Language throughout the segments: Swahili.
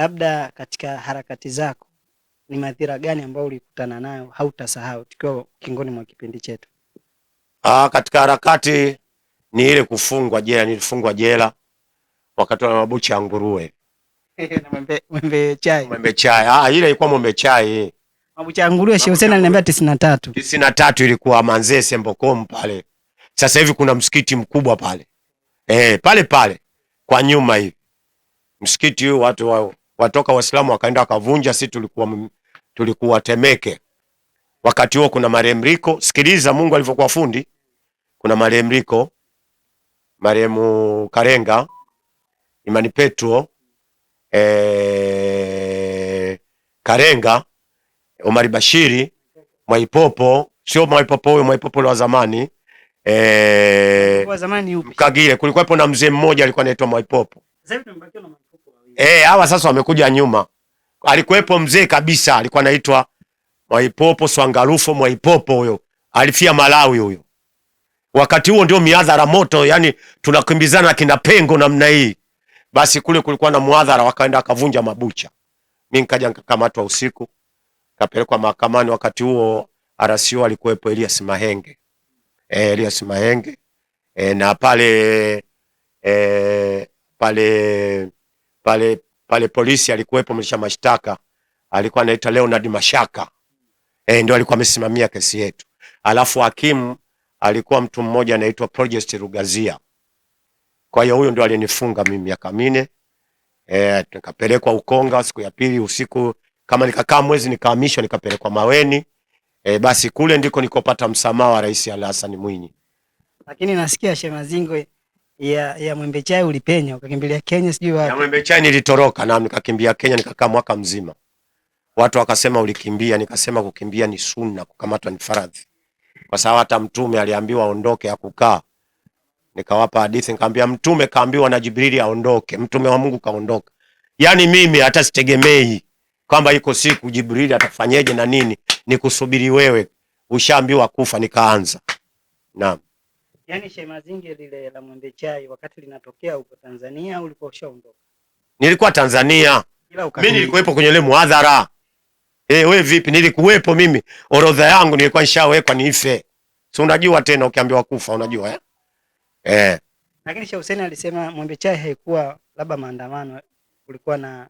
labda katika harakati zako ni madhira gani ambayo ulikutana nayo hautasahau, tukiwa kingoni mwa kipindi chetu? Aa, ah, katika harakati ni ile kufungwa jela. Nilifungwa jela wakati wa mabucha ya nguruwe mwembe, chai, mwembe chai. Ah, ile ilikuwa mwembe chai. Mabucha ya nguruwe Sheikh Hussein aliniambia 93 93 ilikuwa Manzese Sembokom pale. Sasa hivi kuna msikiti mkubwa pale eh, pale pale kwa nyuma hivi msikiti huu watu wao watoka Waislamu wakaenda wakavunja, si tulikuwa, tulikuwa Temeke wakati huo. Kuna marehemu Riko, sikiliza Mungu alivyokuwa fundi. Kuna marehemu Riko, marehemu Karenga, Imani Petro, e, Karenga, Omari Bashiri, Mwaipopo, sio Mwaipopo huyo, Mwaipopo wa zamani eh, Mkagile. kulikuwa na mzee mmoja alikuwa anaitwa Mwaipopo. Eh, hawa sasa wamekuja nyuma. Alikuwepo mzee kabisa, alikuwa anaitwa Mwaipopo Swangalufo Mwaipopo, huyo alifia Malawi huyo. Wakati huo ndio miadhara moto, yani tunakimbizana kina pengo namna hii. Basi kule kulikuwa na muadhara, wakaenda akavunja mabucha. Mimi nikaja nikakamatwa usiku, kapelekwa mahakamani. Wakati huo RCO alikuwepo Elias Mahenge, eh, Elias Mahenge e, na pale e, pale pale pale polisi alikuwepo mlisha mashtaka alikuwa anaitwa Leonard Mashaka e, ndio alikuwa amesimamia kesi yetu. Alafu hakimu alikuwa mtu mmoja anaitwa Project Rugazia. Kwa hiyo huyo ndio alinifunga mimi miaka minne. Eh, nikapelekwa Ukonga siku ya pili usiku kama nikakaa mwezi nikahamishwa nikapelekwa Maweni. E, basi kule ndiko nikopata msamaha wa Rais Ali Hassan Mwinyi. Lakini nasikia Shemazingwe ya ya Mwembe Chai ulipenya ukakimbilia Kenya sijui wapi. Ya Mwembe Chai nilitoroka na nikakimbia Kenya nikakaa mwaka mzima. Watu wakasema ulikimbia, nikasema kukimbia ni sunna, kukamatwa ni faradhi. Kwa sababu hata mtume aliambiwa aondoke akukaa. Nikawapa hadithi nikamwambia mtume kaambiwa na Jibrili aondoke, mtume wa Mungu kaondoka. Yaani mimi hata sitegemei kwamba iko siku Jibrili atafanyeje na nini, nikusubiri wewe, ushaambiwa kufa, nikaanza. Naam. Yaani Shema Zinge lile la Mwembe Chai wakati linatokea huko Tanzania ulikuwa ushaondoka? Nilikuwa Tanzania. Mimi nilikuwepo kwenye ile muhadhara. Eh, wewe vipi? Nilikuwepo mimi. Orodha yangu nilikuwa nishawekwa niife. Si unajua tena ukiambiwa kufa unajua eh? Eh. Lakini Sheikh Hussein alisema Mwembe Chai haikuwa labda maandamano, kulikuwa na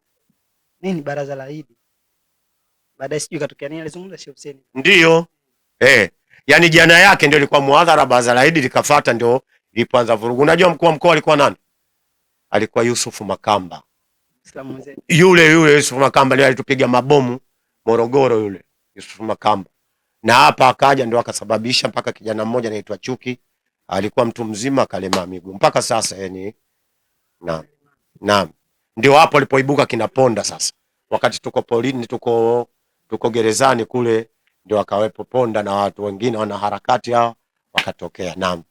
nini baraza la Idi. Baadaye sijui katokea nini alizungumza Sheikh Hussein. Ndio. Eh yani jana yake ndio ilikuwa muadhara, baraza la Idi likafuata, ndio ilipoanza vurugu. Unajua mkuu wa mkoa alikuwa nani? Alikuwa Yusuf Makamba, yule yule Yusuf Makamba ndio alitupiga mabomu Morogoro, yule Yusuf Makamba. Na hapa akaja ndio akasababisha mpaka kijana mmoja anaitwa Chuki, alikuwa mtu mzima kalema miguu mpaka sasa, yani naam, naam, ndio hapo alipoibuka kinaponda sasa wakati tuko polini, tuko tuko gerezani kule ndio akawepo Ponda na watu wengine wanaharakati hao wakatokea. Naam.